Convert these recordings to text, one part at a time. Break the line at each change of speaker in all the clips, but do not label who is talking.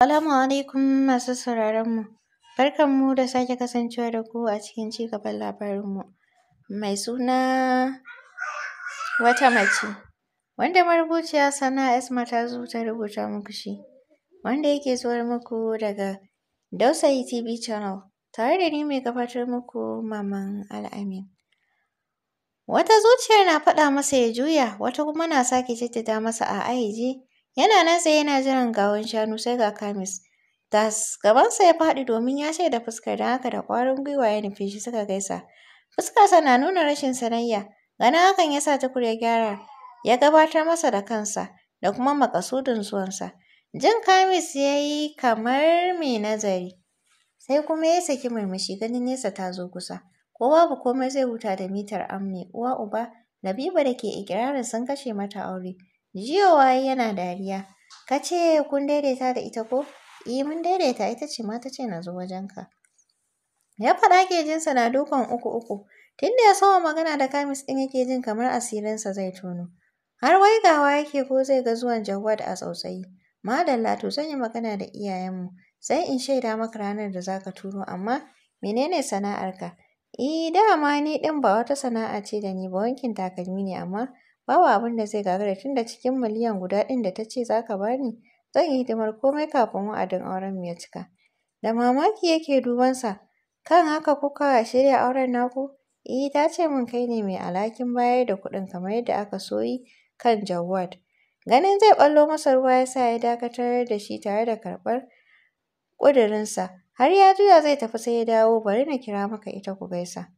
Salamu alaikum masu sauraronmu. Barkanmu da sake kasancewa da ku a cikin cigaban labarinmu. Mai suna wata mace, wanda marubuciya Sana Esma ta zo ta rubuta muku shi, wanda yake zuwar muku daga Dausayi TV Channel, tare da ni mai gabatar muku Maman Al'amin. Wata zuciyar na faɗa masa ya juya, wata kuma na sake jaddada masa a aiji Yana nan tsaye yana jiran gawan shanu sai ga kamis. Tas gabansa ya faɗi domin ya shaida fuskar da haka da ƙwarin gwiwa ya nufi shi suka gaisa. Fuskarsa na nuna rashin sanayya. Ganin hakan ya sa Tukur ya gyara ya gabatar masa da kansa da kuma makasudin zuwansa. Jin kamis ya yi kamar mai nazari. Sai kuma ya saki murmushi ganin nesa ta zo kusa. Ko babu komai zai huta da mitar amne uwa uba Nabiba da ke ikirarin sun kashe mata aure. Jiyowa waye yana dariya. Ka ce kun daidaita da ita ko? Eh mun daidaita ita ce ma ta ce na zo wajenka. Ya faɗa jinsa na dukan uku uku. Tunda ya soma magana da kamis ɗin yake jin kamar asirinsa zai tono. Har wai gawa yake ko zai ga zuwan Jawad a tsautsayi. Madalla to zan yi magana da iyayenmu. Sai in shaida maka ranar da za ka turo amma menene sana'arka? I eh, dama ni ɗin ba wata sana'a ce da ni ba wankin takalmi ne amma Babu abin da zai gagara tun da cikin miliyan guda ɗin da ta ce za ka ba ni, zan yi hidimar komai kafin wa'adin auren mu ya cika. Da mamaki yake dubansa, kan haka kuka shirya auren naku? Eh ta ce min kai ne mai alhakin bayar da kuɗin kamar yadda aka so yi kan Jawad. Ganin zai ɓallo masa ruwa ya sa ya dakatar da shi tare da karɓar ƙudurinsa. Har ya juya zai tafi sai ya dawo bari na kira maka ita ku gaisa.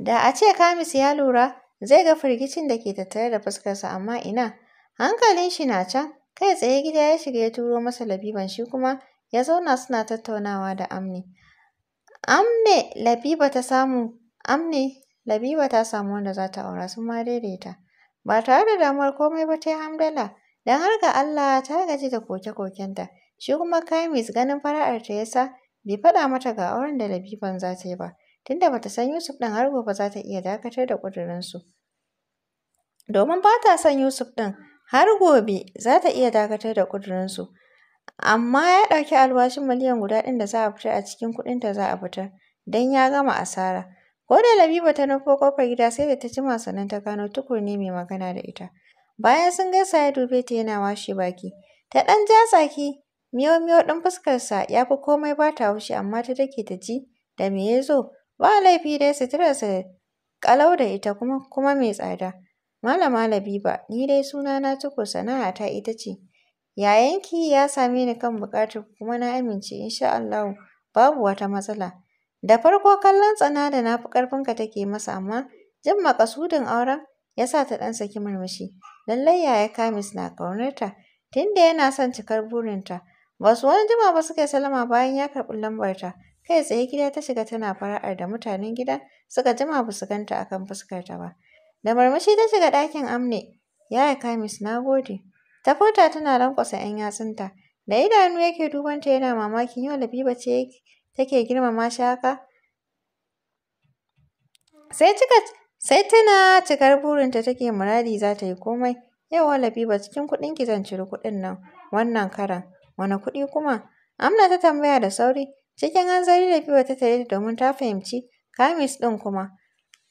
Da a ce Kamis ya lura, zai ga firgicin da ke tattare da fuskarsa amma ina, hankalin shi na can, kai tsaye gida ya shiga ya turo masa Labiban shi kuma ya zauna suna tattaunawa da Amne. Amne Labiba ta samu, Amne Labiba ta samu wanda za ta aura sun ma daidaita. Ba tare da damar komai ba ta yi hamdala, don har ga Allah ta gaji da koke-kokenta. Shi kuma Kamis ganin fara'arta ya sa bai faɗa mata ga auren da Labiban za ta yi ba. tunda bata san Yusuf ɗin har gobe za ta iya dakatar da su. Domin ba ta son Yusuf ɗin har gobe za ta iya dakatar da ƙudurinsu. Amma ya ɗauki albashin miliyan guda ɗin da za a fitar a cikin ta za a fitar don ya gama asara. Ko da Labiba ta nufo kofar gida sai da ta jima sannan ta gano Tukur mai magana da ita. Bayan sun gaisa ya dube ta yana washe baki. Ta ɗan ja tsaki, miyau-miyau ɗin fuskarsa ya fi komai ba ta haushi amma ta dake ta ji da me ya zo. Ba laifi dai suturarsa ƙalau da ita kuma kuma mai tsada. Malama Labiba, ni dai suna sunana sana'a ta ita ce. Yayanki ya same ni kan buƙatar kuma na amince insha Allahu babu wata matsala. Da farko kallon tsana da na fi ƙarfinka take masa amma jin makasudin auren ya sa ta ɗan saki murmushi. Lallai yaya Kamis na ƙaunarta tunda yana son cikar burinta. Ba su wani jima ba suka yi salama bayan ya karɓi lambarta. Kai tsaye gida ta shiga tana fara'ar da mutanen gida suka jima ba su ganta a kan fuskarta ba. Da marmashi ta shiga ɗakin amne, ya yaya kamis na gode. Ta furta tana lankwasa 'yan yatsunta. Da idanu yake dubanta yana mamakin yau Labiba ce take girmama shi haka. Sai cika sai tana cikar burinta take muradi za ta yi komai. Yawa Labiba cikin kuɗin ki zan ciri kuɗin nan wannan karan. Wane kuɗi kuma? Amna ta tambaya da sauri. Cikin hanzari Rabi'u ta tare domin ta fahimci kamis ɗin kuma.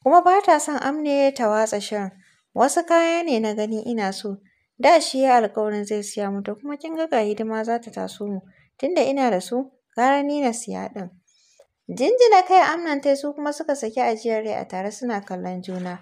Kuma ba ta son amne ta watsa shirin. Wasu kaya ne na gani ina so. Da shi ya alƙawarin zai siya mata kuma kin ga ga hidima za ta taso mu. Tunda ina da su, gara ni na siya ɗin. Jinjina kai amnan su kuma suka saki ajiyar rai a tare suna kallon juna.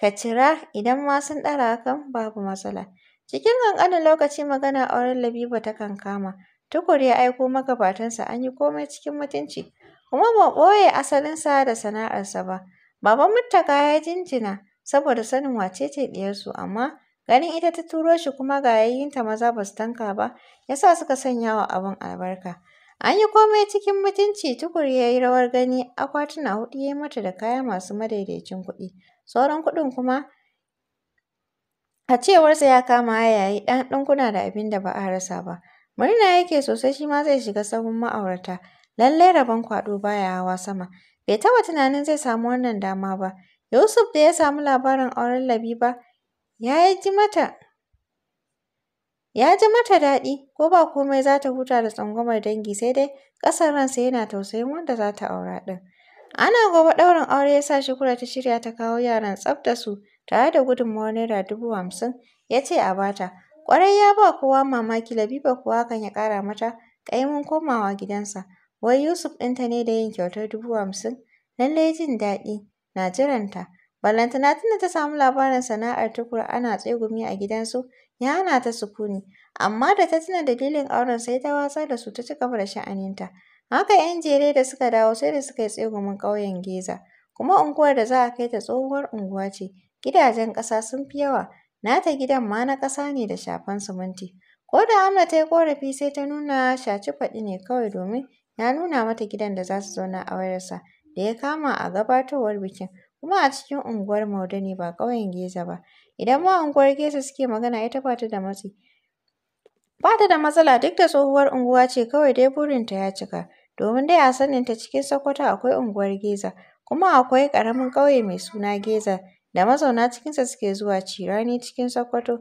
Ka cira idan ma sun ɗara hakan babu matsala. Cikin ƙanƙanin lokaci magana auren Labiba ta kankama. Tukur ya aiko magabatansa an yi komai cikin mutunci, kuma ba ɓoye asalinsa da sana'arsa ba. Baban Muttaka ya jinjina saboda sanin wace ce ɗiyarsu, amma ganin ita ta turo shi kuma ga yayyinta maza ba su tanka ba, ya sa suka sanya wa abin albarka. An yi komai cikin mutunci Tukur ya yi rawar gani akwatuna huɗu ya yi mata da kaya masu madaidaicin kuɗi, sauran kuɗin kuma a cewarsa ya kama ya yayi ɗan ɗinkuna da abin da ba a rasa ba. Murna yake sosai shi ma zai shiga sahun ma'aurata. Lallai rabon kwaɗo baya hawa sama. Bai taɓa tunanin zai samu wannan dama ba. Yusuf da ya samu labarin auren Labiba ya ji mata ya ji mata daɗi ko ba komai za ta huta da tsangwamar dangi sai dai Ƙasar ransa yana tausayin wanda za ta aura ɗin. Ana gobe ɗaurin aure ya sa Shukura ta shirya ta kawo yaran tsaf da su tare da gudunmawar Naira dubu hamsin ya ce a bata. Ƙwarai ya ba kowa mamaki, Labiba kuwa hakan ya ƙara mata ƙaimin komawa gidansa. Wai Yusuf ɗinta ne da yin kyautar dubu hamsin? Lallai jin daɗi na jiranta. Ballantana tunda ta samu labarin sana'ar Tukur ana tsegumi a gidansu, ya hana ta sukuni. Amma da ta tuna dalilin auren sai ta watsar da su ta ci gaba da sha'aninta. Haka 'yan jere da suka dawo sai da suka yi tsegumin ƙauyen Geza. Kuma unguwar da za a kai ta tsohuwar unguwa ce, gidajen ƙasa sun fi yawa. Nata gidan ma na ƙasa ne da shafan siminti. Ko da Amna ta yi ƙorafi sai ta nuna shaci faɗi ne kawai domin ya nuna mata gidan da za su zauna a wayarsa da ya kama a gabatowar bikin kuma a cikin unguwar Maude ne ba ƙauyen Geza ba. Idan ma unguwar Geza suke magana ita ba ta da matsi. Ba ta da matsala duk da tsohuwar unguwa ce kawai dai burinta ya cika. Domin dai a saninta cikin Sokoto akwai unguwar Geza kuma akwai ƙaramin ƙauye mai suna Geza da mazauna cikinsa suke zuwa cirani cikin Sokoto.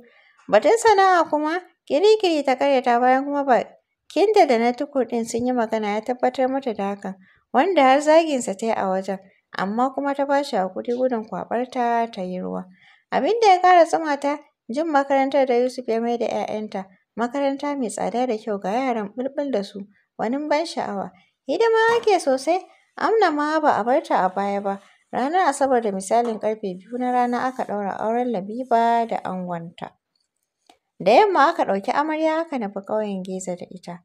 Batun sana'a kuma kirikiri ta karyata bayan kuma bakinta da na tukur ɗin sun yi magana ya tabbatar mata da hakan wanda har zaginsa ta yi a wajen amma kuma ta ba shi haƙuri gudun kwaɓarta ta yi ruwa. Abin da ya ƙara tsuma ta jin makarantar da Yusuf ya mai da 'ya'yanta makaranta mai tsada da kyau ga yaran ɓulɓul da su wani ban sha'awa. Hidima ake sosai Amna ma ba a bar ta a baya ba Ranar Asabar da misalin ƙarfe biyu na rana aka ɗaura auren Labiba da angonta. Da yamma aka ɗauki amarya aka nufi ƙauyen Geza da ita.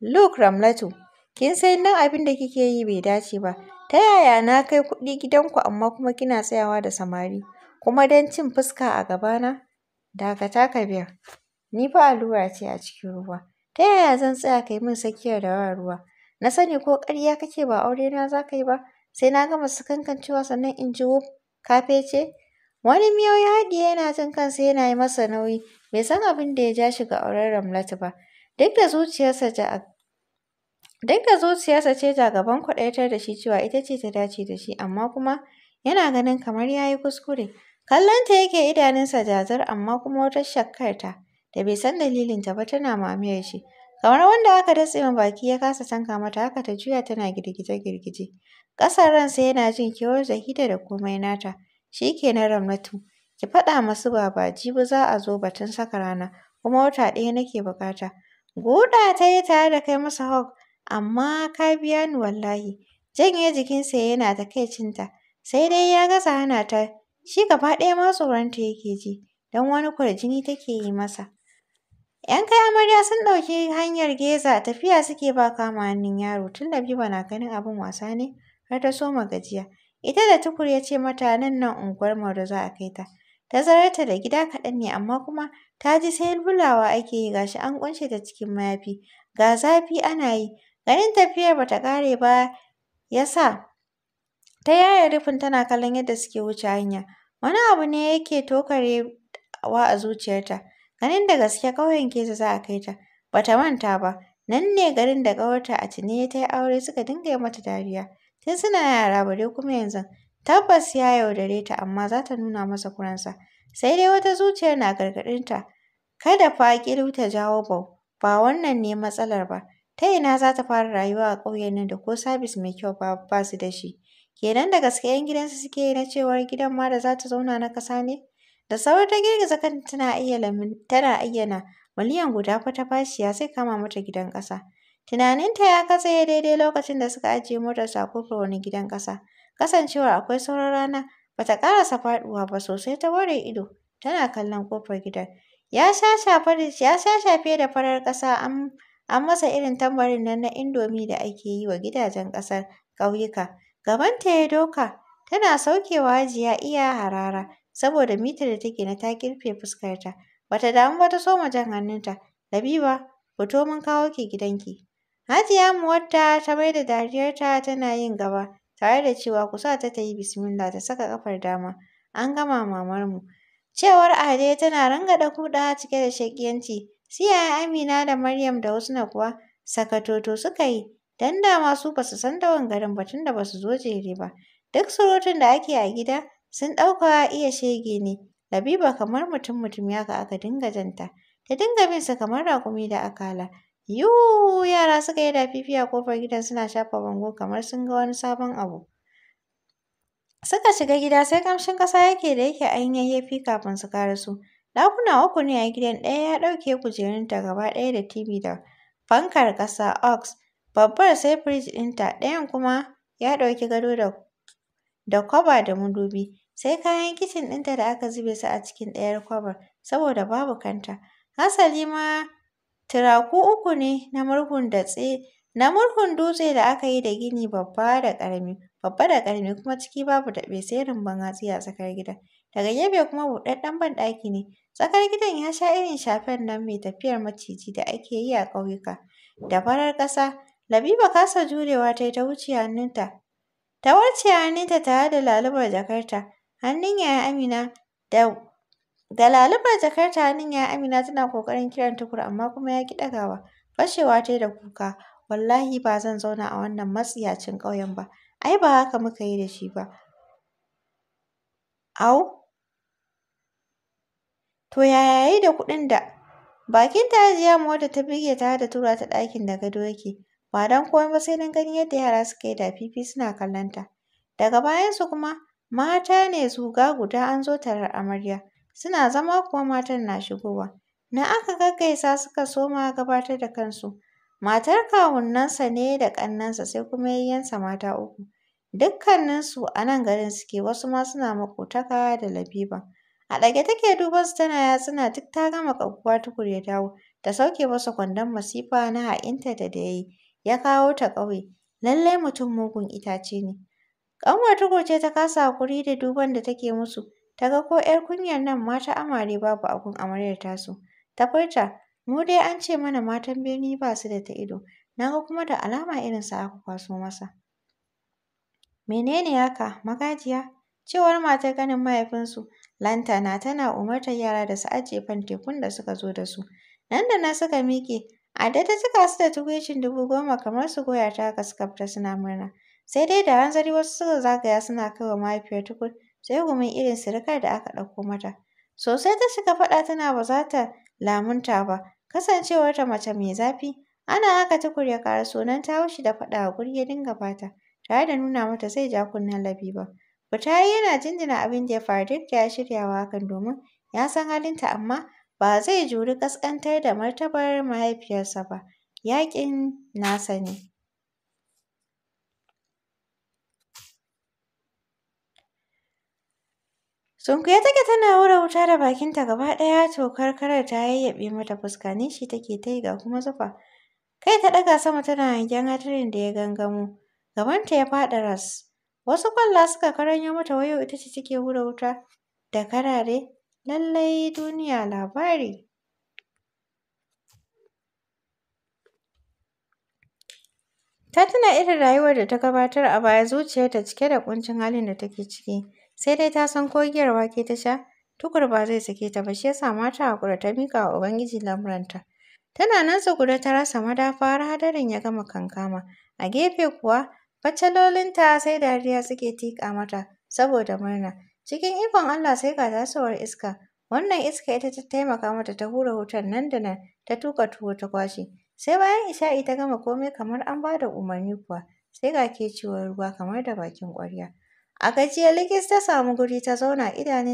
Look Ramlatu, kin san nan abin da kike yi bai dace ba. Ta yaya na kai kuɗi gidanku amma kuma kina tsayawa da samari, kuma don cin fuska a gabana? Dakata ka biya. ni fa allura ce a cikin ruwa. Ta yaya zan tsaya kai min tsakiyar da ba ruwa? Na sani ko ƙarya kake ba aure na za ka yi ba, sai na gama sakankancewa sannan in ji wuf, ka Wani miyo ya haɗiye yana jin kansa yana yi masa nauyi, bai san abin da ya ja shi ga auren Ramlatu ba. Duk da zuciyarsa ja da ce ta gaban da shi cewa ita ce ta dace da shi, amma kuma yana ganin kamar ya yi kuskure. Kallonta yake idanunsa jazir amma kuma wata shakkarta. da bai san dalilinta ba tana mamayar shi. Kamar wanda aka datse ma baki ya kasa tanka mata haka ta juya tana girgije-girgije. Ƙasan ransa yana jin kewar Zahida da komai nata. Shi ke na Ramatu. ki faɗa masu baba jibi za a zo batun saka rana, kuma wata ɗaya nake buƙata. Guda ta yi tare da kai masa hawk, amma ka biya ni wallahi. Janye jikinsa yana ta kai cinta sai dai ya gaza hana ta, shi gaba ɗaya ma tsoronta yake ji, don wani kwarjini take yi masa. ‘Yan kai amarya sun ɗauki hanyar Geza tafiya suke ba kama hannun yaro tun da Biba na ganin abin wasa ne har ta soma gajiya. Ita da Tukur ya ce mata nan nan unguwar Mauro za a kai ta. Ta Tazararta da gida kaɗan ne amma kuma ta ji sai bulawa ake yi gashi an ƙunshe ta cikin mayafi ga zafi ana yi. Ganin tafiyar ba ta ƙare ba ya sa ta yaye rufin tana kallon yadda suke wuce hanya. Wani abu ne yake tokarewa a zuciyarta. Ganin da gaske ƙauyen Keza za a kai ta, ba ta manta ba. Nan ne garin da ƙawarta a ya ta yi aure suka dinga yi mata dariya. Tun suna yara bare kuma yanzu. Tabbas ya yaudare ta amma za ta nuna masa kuransa. Sai dai wata zuciyar na gargaɗinta. Kada fa ƙilu ta jawo bau. Ba wannan ne matsalar ba. Ta ina za ta fara rayuwa a ƙauyen nan da ko sabis mai kyau ba su da shi. Kenan da gaske 'yan gidansu suke yi na cewar gidan ma da za ta zauna na ƙasa ne? Da sauri ta girgiza kanta tana ayyana tana ayyana miliyan guda fa ta fashiya zai kama mata gidan ƙasa. Tunaninta ya katse daidai lokacin da suka ajiye motar sa kofar wani gidan ƙasa. Kasancewar akwai sauran rana bata ƙarasa faɗuwa ba sosai ta ware ido tana kallon kofar gidan. Ya fiye da farar ƙasa an an masa irin tambarin nan na indomi da ake yi wa gidajen ƙasar ƙauyuka. Gabanta ya doka tana saukewa Hajiya iya harara saboda mitar da take na ta kirfe fuskarta. Bata damu ba ta soma jan hannunta. Habiba! fito mun kawo ki gidanki. Hajiya Muwatta ta bai da dariyarta tana yin gaba, tare da cewa ku sa ta ta yi bismillah ta saka kafar dama. An gama mamarmu. Cewar Ade tana rangada kuɗa cike da shakiyanci. Siya Amina da Maryam da Husna kuwa sakatoto suka yi. Dan dama su basu san dawan garin ba tunda basu zo jere ba. Duk surutun da ake a gida Sun ɗauka iya shege ne. Labiba kamar mutum mutum ya ga aka dinga janta. Ta dinga bin sa kamar raƙumi da akala. Yuu yara suka yi dafifi a ƙofar gidan suna shafa bango kamar sun ga wani sabon abu. Suka shiga gida sai kamshin ƙasa yake da yake ainihin kafin su karasu. Ɗakuna uku ne a gidan ɗaya ya ɗauke kujerunta gaba ɗaya da TV da fankar ƙasa ox. Babbar sai firij ɗinta ɗayan kuma ya ɗauki gado da da kwaba da madubi sai kayan kicin ɗinta da aka zube su a cikin ɗayar kwabar saboda babu kanta. Hasali ma turaku uku ne na murhun datse na murhun dutse da aka yi da gini babba da ƙarami babba da ƙarami kuma ciki babu daɓe sai rumbun hatsi a tsakar gidan. Daga gefe kuma buɗaɗɗen banɗaki ne. Tsakar gidan ya sha irin shafen nan mai tafiyar maciji da ake yi a ƙauyuka da farar ƙasa. Labiba kasa jurewa ta ta wuce hannunta Ta warce hannunta tare da lalubar jakarta. Hannun yaya Amina da da lalubar jakarta hannun yi Amina tana ƙoƙarin kiran Tukur amma kuma ya ƙi ɗagawa. Fashewa ta yi da kuka. Wallahi ba zan zauna a wannan matsiyacin ƙauyen ba. Ai ba haka muka yi da shi ba. Au! To ya yi da kuɗin da? Bakin ta Hajiya wadda ta bige ta da tura ta ɗakin da gado yake. Ba don komai ba sai don ganin yadda yara suka yi da fifi suna kallonta. Daga bayansu kuma mata ne zuga guda an zo tarar amarya. Suna zama kuwa matan na shigowa. Na aka gaggaisa suka soma gabatar da kansu. Matar kawunnansa ne da ƙannensa sai kuma yayyensa mata uku. Dukkaninsu a nan garin suke wasu ma suna maƙotaka da Labiba. A ɗage take duban su tana yatsuna duk ta gama ƙaguwa Tukur ya dawo ta sauke masa kwandon masifa na ha'inta da ta yi. ya kawo ta ƙauye. Lallai mutum mugun itace ne. Ƙanwar Tukur ce ta kasa haƙuri da duban da take musu. Ta ga ko 'yar kunyar nan mata ta amare babu abun amaryar tasu. Ta furta, mu dai an ce mana matan birni ba su da ta ido. Na ga kuma da alama irinsa aka kwaso masa. Menene haka, magajiya? Cewar matar ganin mahaifinsu, lantana tana umartar yara da su ajiye fan tekun da suka zo da su. Nan da nan suka miƙe, da ta cika su da tukuicin dubu goma kamar su goya ta haka suka fita suna murna. Sai dai da hanzari wasu suka zagaya suna kai wa mahaifiyar tukur sai gumin irin sirikar da aka ɗauko mata. Sosai ta shiga faɗa tana ba za ta lamunta ba, kasancewarta mace mai zafi. Ana haka tukur ya ƙara sunan ta haushi da faɗa a guri ya dinga bata, tare da nuna mata zai ja kunnen labi ba Fita yana jinjina abin da ya faru duk da ya shirya wa hakan domin ya san halinta amma ba zai juri ƙasƙantar da martabar mahaifiyarsa ba, yaƙin nasa ne. ya take tana wura wuta da bakinta gaba ɗaya to karar ta yayyaɓe mata fuska nishi take ta yi ga kuma zufa. Kai ta ɗaga sama tana hangen hatirin da ya gangamo. Gabanta ya faɗa ras. Wasu kwalla suka karanyo mata wayo ita ce take hura wuta da karare. Lallai duniya labari. Ta tuna irin rayuwar da ta gabatar a baya zuciyarta cike da ƙuncin halin da take ciki. Sai dai ta san ko giyar wake ta sha, tukur ba zai sake ta ba shi yasa mata haƙura ta miƙa wa Ubangiji lamuranta. Tana nan guda ta rasa madafa har hadarin ya gama kankama. A gefe kuwa, Faccalolinta sai dariya suke tiƙa mata saboda murna. Cikin ikon Allah sai ga tasowar iska. Wannan iska ita ta taimaka mata ta hura wutar nan da nan ta tuka tuwo ta kwashe. Sai bayan isha'i ta gama komai kamar an ba da umarni kuwa. Sai ga kecewar ruwa kamar da bakin ƙwarya. A gajiya likis ta samu guri ta zauna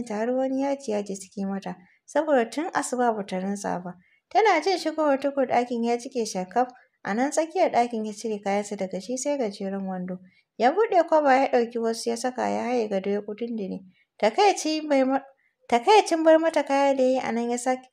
ta har wani yaji yaji suke mata. Saboda tun asuba ba ta rintsa ba. Tana jin shigowar tukur ɗakin ya jike shakaf. A nan tsakiyar ɗakin ya cire kayansa daga shi sai gajeren wando. Ya buɗe kwaba ya ɗauki wasu ya saka ya haye gado ya ne Takaicin bar mata kaya da ya yi a nan ya sake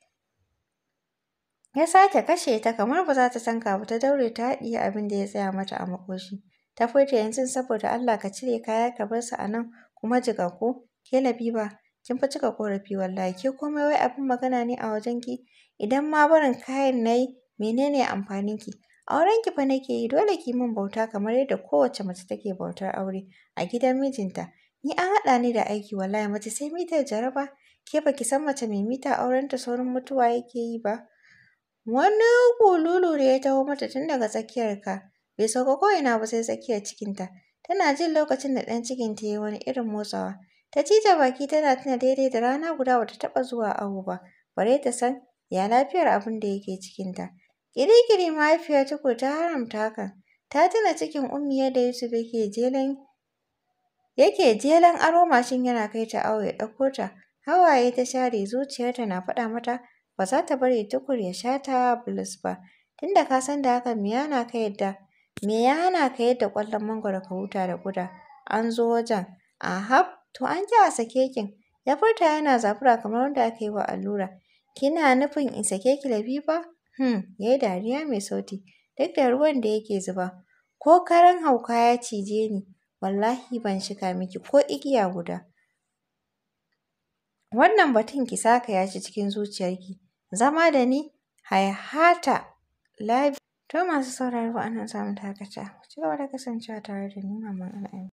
ya sake kashe ta kamar ba za ta san ba ta daure ta haɗiye abin da ya tsaya mata a makoshi. Ta furta yanzu saboda Allah ka cire kaya ka bar su a nan kuma jiga ko ke ba kin fi cika ƙorafi wallahi ke komai wai abin magana ne a wajen ki idan ma barin kayan na yi menene amfanin ki auren ki fa nake yi dole ki min bauta kamar yadda kowace mace take bautar aure a gidan mijinta Ni an haɗa ni da aiki wallahi mace sai mitar jaraba. Ke ba ki san mace mai mita auren ta saurin mutuwa yake yi ba. Wani kululu da ya taho mata tun daga tsakiyar ka. Bai sauka ko ina ba sai tsakiyar cikinta. Tana jin lokacin da ɗan cikinta ya yi wani irin motsawa. Ta cije baki tana tuna daidai da rana guda bata taɓa zuwa awo ba. Bare ta san ya lafiyar abin da yake cikinta. ta kirikiri mahaifiyar Tukur ta haramta hakan. Ta tuna cikin Ummi yadda Yusuf yake jelen yake jelan aro mashin yana kai ta awo ya ɗauko ta. Hawaye ta share zuciyarta na faɗa mata ba za ta bari tukur ya sha ta bulus ba. Tunda ka san da haka, me ya ka yadda me ya hana ka yadda ƙwallon mangwaro ka huta da guda. An zo wajen ahab to an ƙi a sake kin. Ya furta yana zafura kamar wanda aka yi wa allura. Kina nufin in sake ki ba Hmm, yayi dariya mai sauti duk da ruwan da yake zuba. Ko karan hauka ya cije ni. Wallahi ban shiga miki ko igiya guda. Wannan batun ki saka ya ci cikin zuciyarki. Zama da ni haihata labi. To masu sauraro anan samun takata Ku ci da kasancewa tare da ni Maman Al'amin.